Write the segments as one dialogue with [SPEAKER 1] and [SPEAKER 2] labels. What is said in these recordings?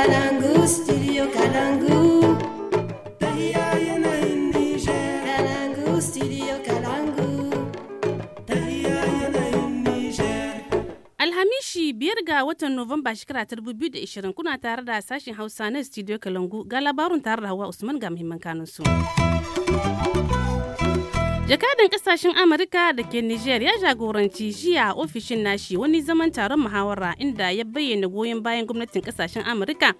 [SPEAKER 1] Alhamishi
[SPEAKER 2] biyar ga watan Nuwamba shekara ta ishirin kuna tare da sashen Hausa na studio Kalangu ga labarin tare da Hawa Usman ga muhimman kanunsu. jakadan kasashen amurka da ke niger ya jagoranci jiya ofishin nashi wani zaman taron muhawara inda ya bayyana goyon bayan gwamnatin kasashen amurka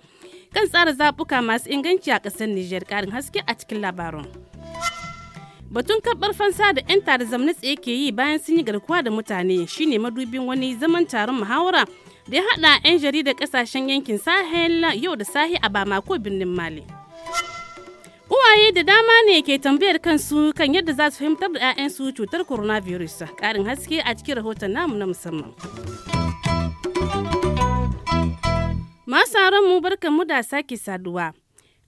[SPEAKER 2] kan tsara zabuka masu inganci a ƙasar niger karin haske a cikin labarin batun karɓar fansa da 'yan tare zamna tsaye ke yi bayan sun yi garkuwa da mutane shine madubin wani zaman taron muhawara da ya haɗa 'yan jarida ƙasashen yankin sahel yau da sahi a bamako birnin mali Uwaye da dama ne ke tambayar kansu kan yadda za su fahimtar da 'ya'yansu cutar coronavirus. Ƙarin haske a cikin rahoton namu na musamman. Masu mu barkan mu da sake saduwa.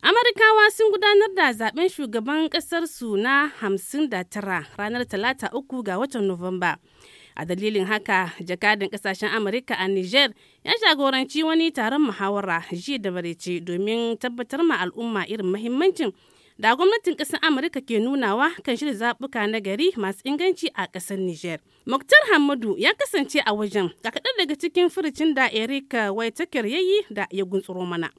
[SPEAKER 2] Amurkawa sun gudanar da zaben shugaban su na da tara ranar talata uku ga watan Nuwamba. a dalilin haka jakadin kasashen amurka a niger ya jagoranci wani taron muhawara jiya da barece domin tabbatar ma al'umma irin mahimmancin da gwamnatin ƙasar amurka ke nunawa kan shirya zaɓuka na gari masu inganci a ƙasar niger muktar hamadu ya kasance a wajen ga kaɗan daga cikin firicin da erika waitakir ya yi da ya guntsuro mana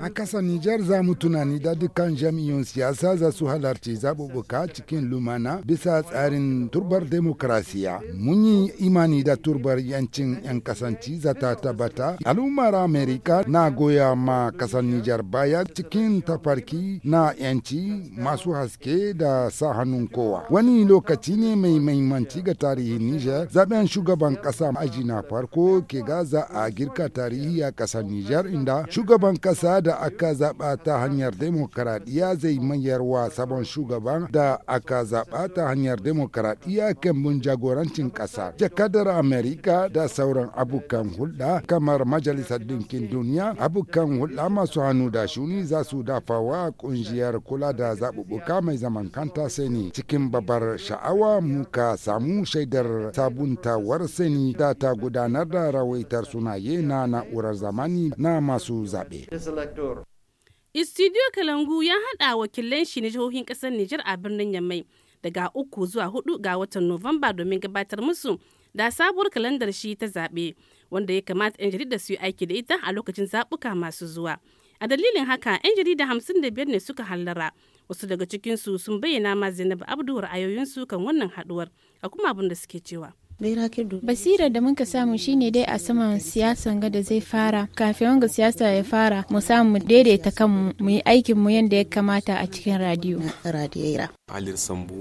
[SPEAKER 3] A kasar Nijar za mu tunani da dukkan jam'iyyun siyasa za su halarci zaɓuɓɓuka cikin lumana bisa tsarin turbar demokrasiya. Mun yi imani da turbar yancin 'yan kasanci za ta tabbata. Al'ummar Amerika na goya ma ƙasar Nijar baya cikin tafarki na 'yanci masu haske da sa hannun kowa. Wani lokaci ne mai mahimmanci ga tarihin Nijar zaɓen shugaban ƙasa aji na farko ke gaza a girka tarihi a ƙasar Nijar inda shugaban ƙasa da aka zaba ta hanyar demokaradiyya zai mayar wa sabon shugaban da aka zaba ta hanyar demokaradiyya kambun jagorancin ƙasa. Jakadar Amerika da sauran abokan hulɗa kamar Majalisar Dinkin Duniya abokan hulɗa masu hannu da shuni za su dafa wa kungiyar kula da zaɓuɓɓuka mai zaman kanta sani cikin babbar sha'awa muka samu shaidar sabuntawar sani da ta gudanar da rawaitar sunaye na na'urar zamani na masu zaɓe.
[SPEAKER 2] Istidiyo Kalangu ya haɗa wakilan shi na jihohin ƙasar Nijar a birnin Yamai daga uku zuwa hudu ga watan Nuwamba domin gabatar musu da sabuwar kalandar shi ta zaɓe wanda ya kamata 'yan jarida su yi aiki da ita a lokacin zaɓuka masu zuwa. A dalilin haka 'yan jarida hamsin da biyar ne suka hallara wasu daga cikinsu sun bayyana ma Zainab Abdu ra'ayoyinsu kan wannan haɗuwar a kuma abin da suke cewa.
[SPEAKER 1] Basirar da muka samu shine dai a saman siyasan ga zai fara kafin wanga siyasa ya fara mu samu daidaita kanmu mu yi aikin mu yadda ya kamata a cikin radiyo.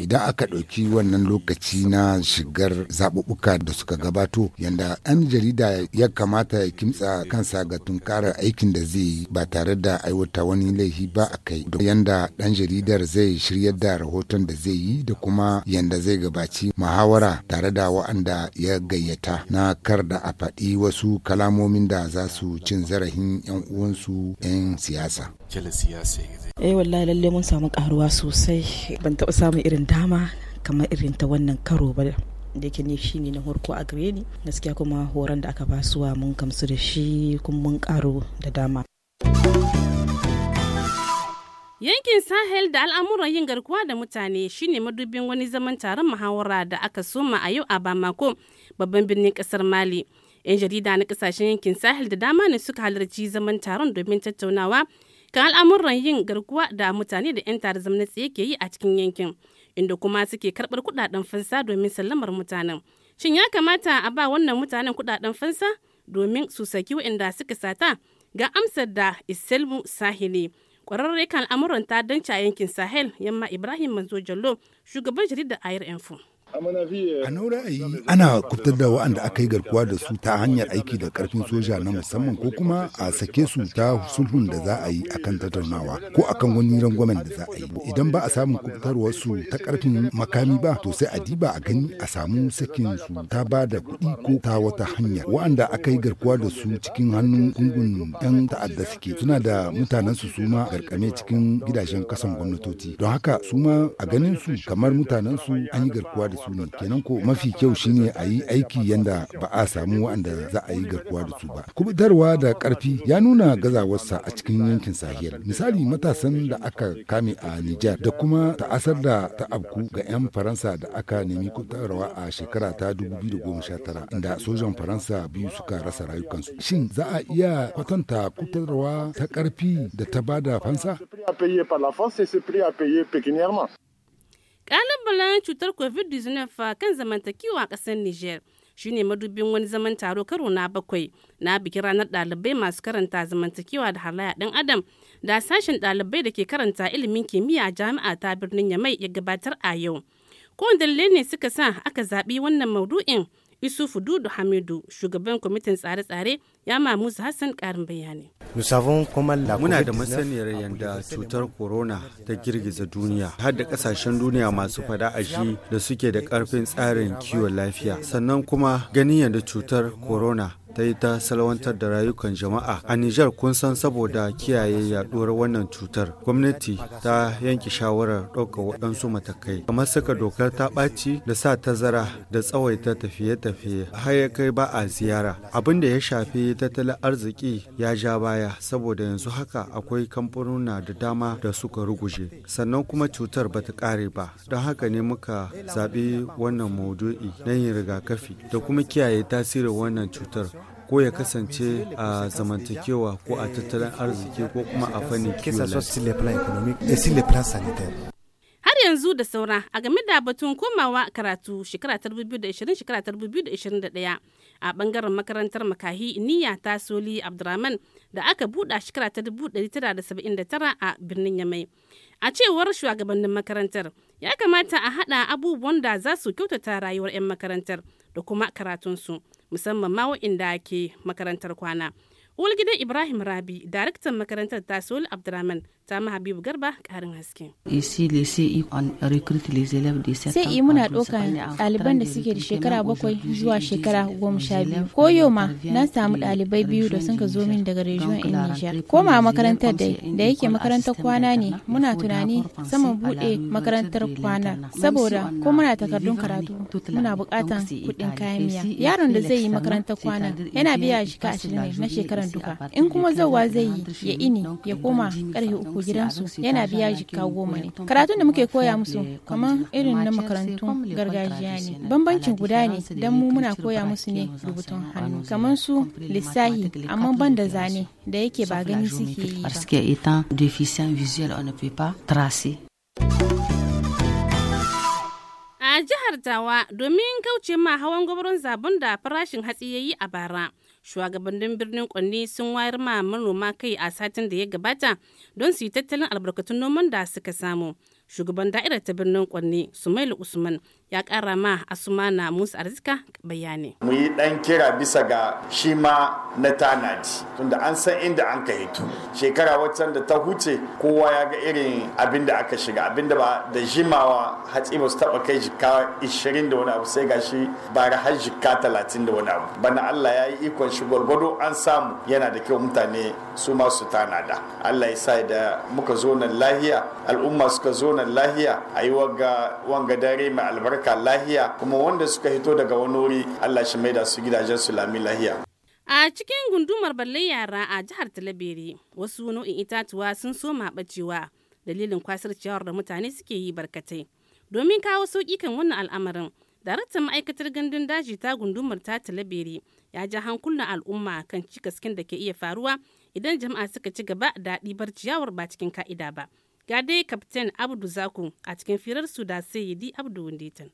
[SPEAKER 3] Idan aka ɗauki wannan lokaci na shigar zaɓuɓɓuka da suka gabato yanda ɗan jarida ya kamata ya kimtsa kansa ga tunkara aikin da zai yi ba tare da aiwata wani laifi ba a kai da yanda ɗan jaridar zai shiryar da rahoton da zai yi da kuma yanda zai gabaci muhawara tare da wa'anda ya gayyata na kar da a faɗi wasu kalamomin da za su cin zarafin 'yan uwansu 'yan siyasa.
[SPEAKER 1] Eh wallahi lalle mun samu karuwa sosai ban taɓa samun irin dama kamar irin ta wannan karo ba da yake ne shine na horko a gare ni gaskiya kuma horon da aka basuwa mun gamsu da shi kuma mun karo da dama
[SPEAKER 2] Yankin Sahel da al'amuran yin garkuwa da mutane shine madubin wani zaman taron muhawara da aka soma a yau a Bamako, babban birnin kasar Mali. 'Yan jarida na kasashen yankin Sahel da dama ne suka halarci zaman taron domin tattaunawa kan al'amuran yin garkuwa da mutane da 'yan tarzam na ke yi a cikin yankin inda kuma suke karɓar kuɗaɗen fansa domin sallamar mutanen shin ya kamata a ba wannan mutanen kuɗaɗen fansa domin su saki waɗanda suka sata ga amsar da iselmu sahili kwararre kan al'amuran ta a yankin sahel yamma ibrahim manzo jallo shugaban jaridar ayar info
[SPEAKER 1] A
[SPEAKER 3] nan ra'ayi ana kubutar da waɗanda aka yi garkuwa da su ta hanyar aiki da ƙarfin soja na musamman ko kuma a sake su ta sulhun da za a yi akan tattaunawa ko a kan wani rangwamen da za a yi. Idan ba a samun kubutarwar su ta ƙarfin makami ba to sai a diba a gani a samu sakin su ta ba da kuɗi ko ta wata hanya. Waɗanda aka yi garkuwa da su cikin hannun gungun ƴan ta'adda suke suna da mutanen su su ma garkame cikin gidajen kasan gwamnatoci. Don haka suma a ganin su kamar mutanen su an yi garkuwa da su ne kenan ko mafi kyau shine a yi aiki yadda ba a samu waɗanda za a yi garkuwa da su ba kubutarwa da karfi ya nuna gazawarsa a cikin yankin sahel misali matasan da aka kame a nijar da kuma ta'asar da ta abku ga 'yan faransa da aka nemi kutarwa a shekara ta 2019 inda sojan faransa biyu suka rasa rayukansu shin za a iya kwatanta kutarwa ta ƙarfi da ta bada fansa
[SPEAKER 2] Ƙalubalen cutar COVID-19 kan zamantakewa a ƙasar Nijar shine madubin wani zaman taro karo na bakwai na bikin ranar ɗalibai masu karanta zamantakewa da halaya ɗan adam da sashen ɗalibai da ke karanta ilimin kimiyya a jami'a ta birnin Yamai ya gabatar a yau. Kowane dalilai ne suka sa aka zaɓi wannan maudu'in Isufu Dudu Hamidu, shugaban kwamitin tsare-tsare ya mamu hassan karin bayani
[SPEAKER 4] Muna da masaniyar yadda cutar corona ta girgiza duniya, har da kasashen duniya masu fada a shi da suke da karfin tsarin kiwon lafiya. Sannan kuma ganin yadda cutar corona ta yi ta salwantar da rayukan jama'a a Nijar kun san saboda kiyaye yaduwar wannan cutar gwamnati ta yanke shawarar ɗaukar waɗansu matakai kamar saka dokar ta ɓaci da sa tazara da tsawaita tafiye-tafiye har ya kai ba a ziyara abin da ya shafi tattalin arziki ya ja baya saboda yanzu haka akwai kamfanuna da dama da suka ruguje sannan kuma cutar ba ta kare ba don haka ne muka zaɓi wannan maudu'i na yin rigakafi da kuma kiyaye tasirin wannan cutar ko ya kasance a zamantakewa ko a tattalin arziki ko kuma a fannin kiwon
[SPEAKER 2] yanzu da saura a game da batun komawa karatu shekara 2020 shekara 2021 a bangaren makarantar makahi niyya ta soli abdurrahman da aka buɗa shekara ta 1979 a birnin yamai a cewar shugabannin makarantar ya kamata a haɗa abubuwan da za su kyautata rayuwar 'yan makarantar da kuma karatunsu musamman ma waɗanda ke makarantar kwana gidan Ibrahim Rabi, daraktan makarantar Tasol Abdurrahman, ta ma Habibu Garba karin haske.
[SPEAKER 5] Sai yi muna ɗaukan ɗaliban da
[SPEAKER 1] suke da shekara bakwai zuwa shekara goma sha biyu. Ko yau ma na samu ɗalibai biyu da sun ka zo min daga rejiyon in Nijar. Koma makarantar dai da yake makarantar kwana ne muna tunani saman buɗe makarantar kwana saboda ko muna takardun karatu muna buƙatan kuɗin kayan miya. Yaron da zai yi makarantar kwana yana biya shi ka ashirin na shekara yaran duka in kuma zauwa zai yi ya ini ya koma karfe uku gidansu yana biya jikka goma ne karatun da muke koya musu kamar irin na makarantun gargajiya ne bambancin guda ne don mu muna koya musu ne rubutun hannu kamar su lissahi amma ban da zane da yake ba gani suke
[SPEAKER 2] yi ba. A jihar Tawa domin kauce ma hawan gwamnatin zabon da farashin hatsi ya yi a bara. Shugabannin birnin Kwanni sun wayar ma manoma kai a satin da ya gabata don su yi tattalin albarkatun noman da suka samu. Shugaban da'irar ta birnin Kwanni Sumailu Usman ya kara ma asumana musa arzika bayani
[SPEAKER 4] mu yi dan kira bisa ga shi ma na tanadi tunda an san inda an ka hito shekara waccan da ta huce kowa ya ga irin abin da aka shiga abin da ba da jimawa hatsi ba su taba kai jika 20 da wani abu sai ga shi bara har jika 30 da wani abu bana Allah ya yi ikon shi gwargwado an samu yana da kyau mutane su ma su tanada Allah ya sa da muka zo nan lahiya al'umma suka zo nan lahiya a yi wanga dare mai albarka barka lahiya kuma wanda suka hito daga wani wuri Allah shi da su gidajen su lami lahiya.
[SPEAKER 2] A cikin gundumar balle yara a jihar Talabere wasu nau'in itatuwa sun soma bacewa dalilin kwasar ciyawar da mutane suke yi barkatai. Domin kawo sauƙi kan wannan al'amarin, daraktan ma'aikatar gandun daji ta gundumar ta talabere ya ja hankulan al'umma kan cikaskin da ke iya faruwa idan jama'a suka ci gaba da ɗibar ciyawar ba cikin ka'ida ba ya dai kaftin abdu zaku a cikin firar su da di abdu wundetan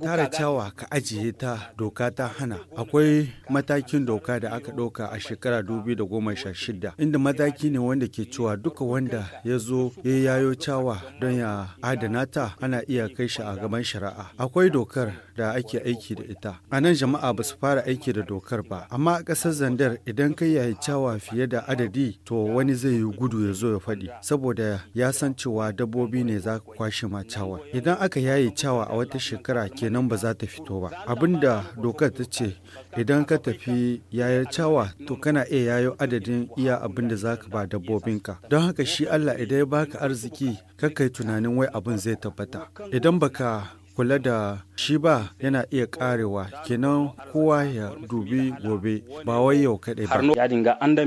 [SPEAKER 4] Tara cawa ka ajiye ta doka ta hana. Akwai matakin doka da aka ɗauka a shekara 2016 inda mataki ne wanda ke cewa duka wanda ya zo ya yayo cawa don ya adana ta ana iya kai shi a gaban shari'a. Akwai dokar da ake aiki da ita. A nan jama'a ba su fara aiki da dokar ba. Amma a ƙasar Zandar idan ka yayi cawa fiye da adadi to wani zai yi gudu ya zo ya faɗi saboda ya san cewa dabbobi ne za kwashe ma cawa. Idan aka yayi cawa nawa a wata shekara kenan ba za ta fito ba abinda dokar ta ce idan ka tafi yayar cawa to kana iya yayo adadin iya abinda za ka ba dabbobinka don haka shi allah idan ya baka arziki kakai tunanin wai abin zai tabbata idan baka kula da shi ba yana iya karewa kenan kowa ya dubi gobe ba wai yau kaɗai ba. Har no ya dinga an da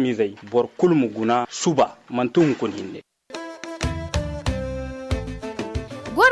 [SPEAKER 4] bor suba mantun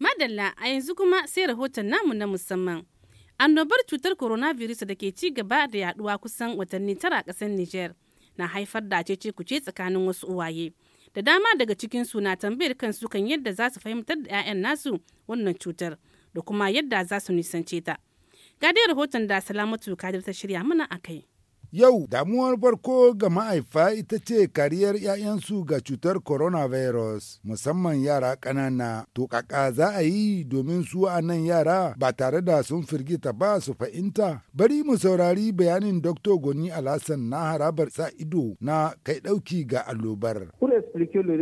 [SPEAKER 2] Madalla a yanzu kuma sai rahoton namu na musamman. Annobar cutar coronavirus da ke ci gaba da yaduwa kusan watanni tara a ƙasar niger na haifar da ce kuce tsakanin wasu uwaye. Da dama daga cikin su na tambayar kansu kan yadda za su fahimtar da 'ya'yan nasu wannan cutar da kuma yadda za su nisance ta. Ga rahoton da Salamatu Kadir ta shirya mana a kai.
[SPEAKER 3] Yau damuwar farko ga ma'aifa ita ce kariyar 'ya'yansu ga cutar coronavirus musamman yara ƙanana. To kaka za a yi domin su a nan yara ba tare da sun firgita ba su fahimta. Bari mu saurari bayanin Dr. Goni Alhassan na harabar sa ido na kai ɗauki ga allobar.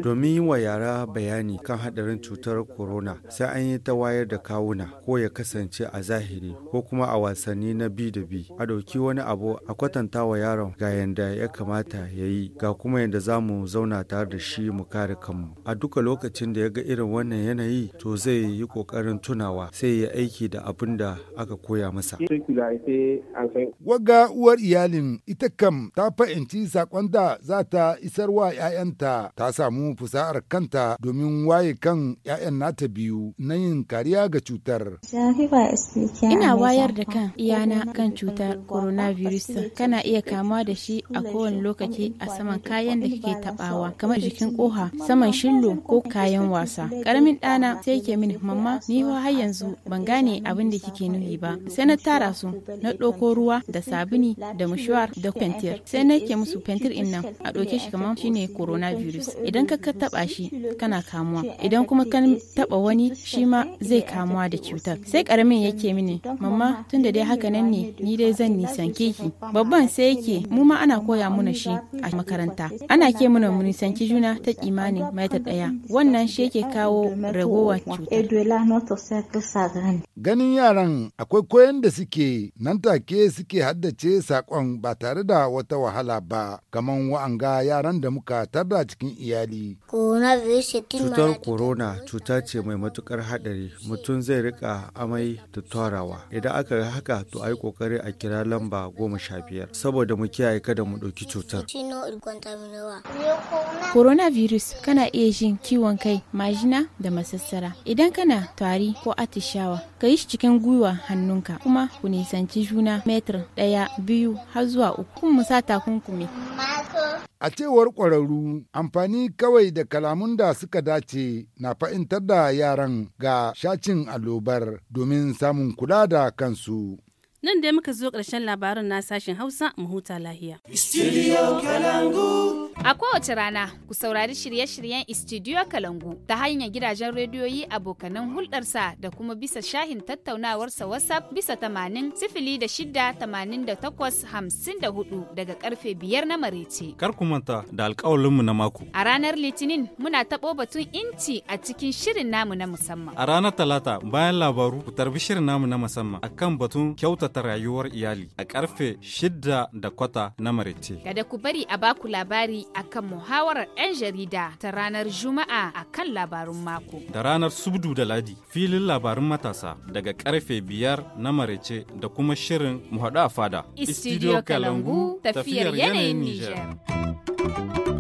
[SPEAKER 4] Domin wa yara bayani kan haɗarin cutar corona sai an yi ta wayar da kawuna ko ya kasance a zahiri ko kuma a wasanni na bi da bi a ɗauki wani abu a kwatanta kwatanta wa yaron ga yadda ya kamata ya yi ga kuma yadda za mu zauna tare da shi mu kare kanmu a duka lokacin da ya ga irin wannan yanayi to zai yi kokarin tunawa sai ya aiki da abin da aka koya masa
[SPEAKER 3] waga uwar iyalin ita kam ta fahimci sakon da za ta wa 'ya'yanta ta samu fusa'ar kanta domin waye kan 'ya'yan nata biyu na yin kariya ga cutar
[SPEAKER 1] ina wayar da kan iyana kan cutar coronavirus kana iya kamuwa da shi a kowane lokaci a saman kayan da kake tabawa kamar jikin koha saman shillo ko kayan wasa karamin ɗana sai yake mini mamma ni har yanzu ban gane abin da kike nuni ba sai na tara su na ɗauko ruwa da sabuni da mushuwar da fentir sai na ke musu fentir in nan a ɗauke shi kamar shine coronavirus idan ka ka taba shi kana kamuwa idan kuma ka taba wani shi ma zai kamuwa da cutar sai karamin yake mini mamma tunda dai haka nan ne ni dai zan nisan ki babban sai yake mu ma ana koya muna shi a makaranta ana ke muna munisanci juna ta kimanin ta daya wannan shi yake kawo ragowa cuta.
[SPEAKER 3] ganin yaran akwai koyan da suke nan take suke haddace sakon ba tare da wata wahala ba kamar wa'anga yaran da muka tarda cikin iyali cutar corona
[SPEAKER 4] cuta ce mai matukar hadari mutum zai rika amai da torawa idan aka yi haka to ai kokari a kira lamba goma sha biyar saboda mu kiyaye kada mu ɗauki cutar.
[SPEAKER 1] Coronavirus kana iya jin kiwon kai, majina da masassara. Idan kana tari ko atishawa, ka yi cikin gwiwa hannunka kuma ku nisanci juna metr ɗaya biyu har zuwa uku mu sa takunkumi.
[SPEAKER 3] A cewar ƙwararru, amfani kawai da kalamun da suka dace na fa'intar da yaran ga shacin allobar domin samun kula da kansu.
[SPEAKER 2] Nan dai muka zo ƙarshen labarin na sashen Hausa mu huta lahiya. Kalangu.
[SPEAKER 5] A kowace rana ku saurari shirye-shiryen Studio Kalangu ta hanyar gidajen rediyoyi abokanan hulɗarsa da kuma bisa shahin tattaunawarsa WhatsApp bisa tamanin sifili da shida tamanin da takwas hamsin da hudu daga karfe biyar na marece.
[SPEAKER 4] Kar ku manta da alƙawalinmu na mako.
[SPEAKER 5] A ranar Litinin muna taɓo batun inci a cikin shirin namu na musamman.
[SPEAKER 4] A ranar Talata bayan labaru ku tarbi shirin namu na musamman akan batun kyauta kyautata rayuwar iyali a karfe shidda da kwata na maraice.
[SPEAKER 5] Kada ku bari a baku labari akan muhawarar 'yan jarida ta ranar Juma'a akan labarun mako.
[SPEAKER 4] Da ranar Subdu da Ladi filin labarun matasa daga karfe biyar na marace da kuma shirin muhaɗu a fada. Istidiyo Kalangu
[SPEAKER 5] tafiyar yanayin Nijar.